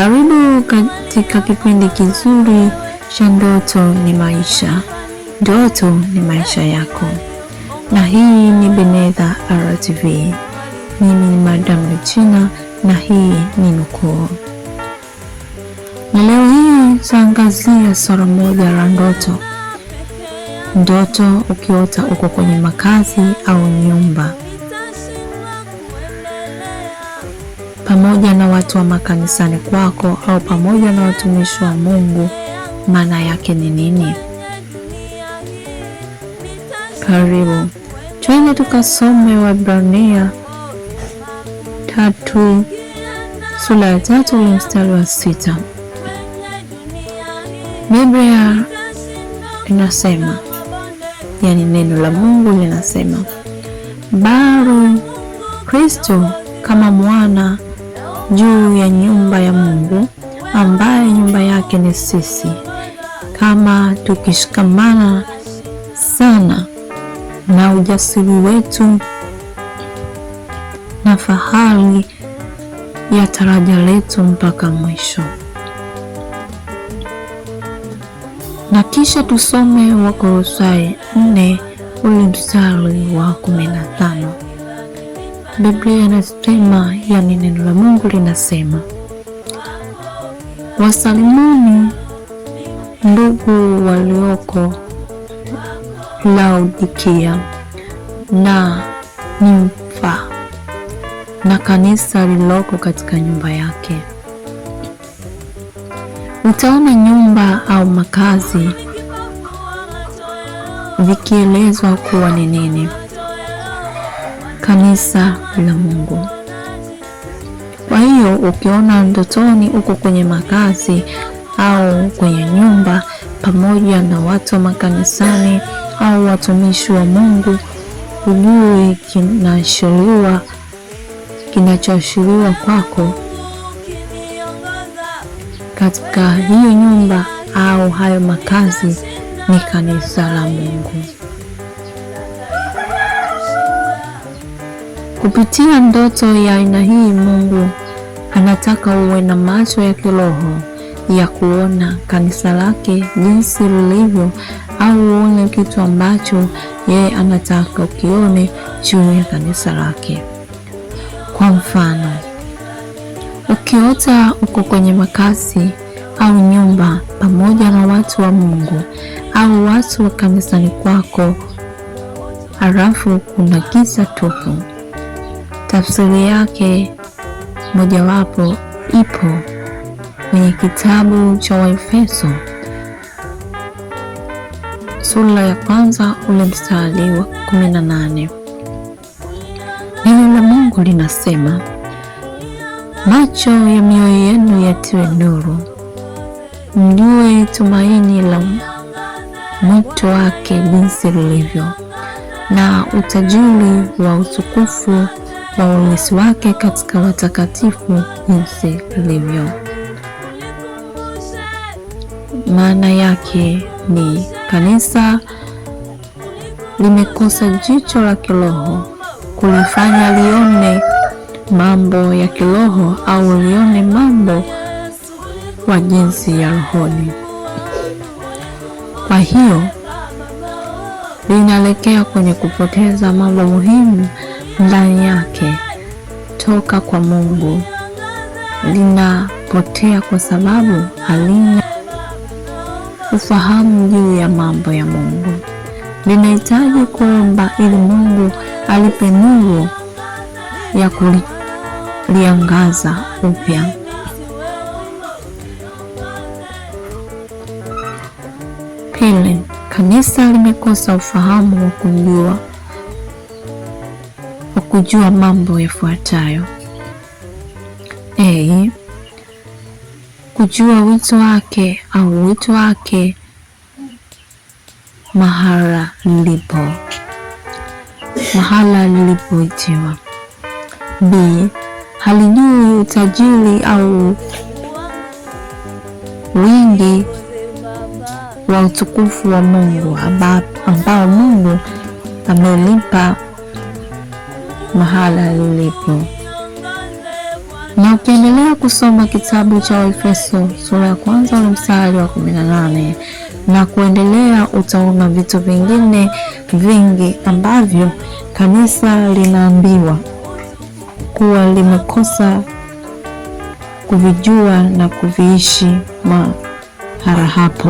Karibu katika kipindi kizuri cha Ndoto ni Maisha. Ndoto ni maisha yako, na hii ni benedha RTV. Mimi ni Madam Lucina na hii ni nukuu. Na leo hii tutaangazia swala moja la ndoto. Ndoto ukiota uko kwenye makazi au nyumba pamoja na watu wa makanisani kwako au pamoja na watumishi wa Mungu, maana yake ni nini? Karibu twende tukasome Waebrania tatu sura ya tatu ule mstari wa sita. Biblia inasema, yani neno la Mungu linasema, bado Kristo kama mwana juu ya nyumba ya Mungu ambaye nyumba yake ni sisi. Kama tukishikamana sana na ujasiri wetu na fahari ya taraja letu mpaka mwisho. Na kisha tusome Wakolosai 4 ule mstari wa kumi na tano. Biblia inasema, yani neno la Mungu linasema, wasalimuni ndugu walioko Laodikia na Nimfa na kanisa liloko katika nyumba yake. Utaona nyumba au makazi vikielezwa kuwa ni nini kanisa la Mungu. Kwa hiyo ukiona ndotoni uko kwenye makazi au kwenye nyumba pamoja na watu wa makanisani au watumishi wa Mungu, ujue kinaashiriwa kinachoashiriwa kwako katika hiyo nyumba au hayo makazi ni kanisa la Mungu. Kupitia ndoto ya aina hii, Mungu anataka uwe na macho ya kiroho ya kuona kanisa lake jinsi lilivyo, au uone kitu ambacho yeye anataka ukione juu ya kanisa lake. Kwa mfano, ukiota uko kwenye makazi au nyumba pamoja na watu wa Mungu au watu wa kanisani kwako, halafu kuna giza tupu Tafsiri yake mojawapo ipo kwenye kitabu cha Waefeso sura ya kwanza ule mstari wa 18. Neno la Mungu linasema, macho ya mioyo yenu yatiwe nuru, mjue tumaini la mwito wake jinsi lilivyo, na utajiri wa utukufu kwa ulinzi wake katika watakatifu jinsi ilivyo Maana yake ni kanisa limekosa jicho la kiroho kulifanya lione mambo ya kiroho au lione mambo kwa jinsi ya rohoni. Kwa hiyo linaelekea kwenye kupoteza mambo muhimu ndani yake toka kwa Mungu linapotea kwa sababu halina ufahamu juu ya mambo ya Mungu. Linahitaji kuomba ili Mungu alipe nuru ya kuliangaza upya. Pili, kanisa limekosa ufahamu wa kumjua kujua mambo yafuatayo: A. Kujua wito wake au wito wake mahala lilipo, mahala lilipoitiwa. B. Halijui utajiri au wingi wa utukufu wa Mungu ambao Mungu amelipa mahala lilipo. Na ukiendelea kusoma kitabu cha Waefeso sura ya kwanza na mstari wa 18 na kuendelea, utaona vitu vingine vingi ambavyo kanisa linaambiwa kuwa limekosa kuvijua na kuviishi mahara hapo.